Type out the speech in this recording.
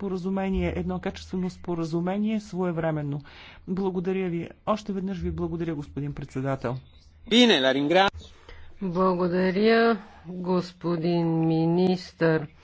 споразумение, едно качествено споразумение своевременно. Благодаря ви. Още веднъж ви благодаря, господин председател. Благодаря, господин министър.